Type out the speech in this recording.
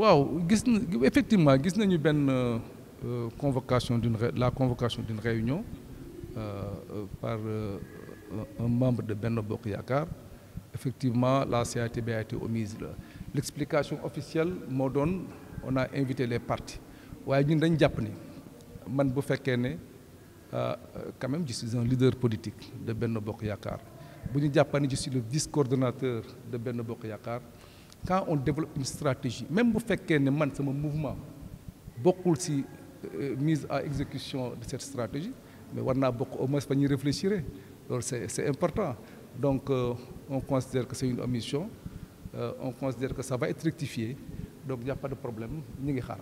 waaw gis effectivement gis nañu benn euh, convocation d'une la convocation d'une réunion euh, euh par euh, membre de benn Bokk Yaakaar effectivement la CITB a été omise là l'explication officielle moo doon on a invité les partis waaye ñun dañ jàpp ni man bu fekkee ne euh, quand même je suis un leader politique de benn Bokk Yaakaar bu ñu jàppane je suis le vice coordonnateur de benn Bokk Yaakaar quand on développe une stratégie même bu fekkee ne man sama mouvement bokkul ci euh, mise à exécution de cette stratégie mais war naa bokk au moins ba ñuy réfléchir loolu c'est c'est important donc euh, on considère que c'est une émission euh, on considère que ça va être rectifié donc il n'y a pas de problème ñu ngi xaar.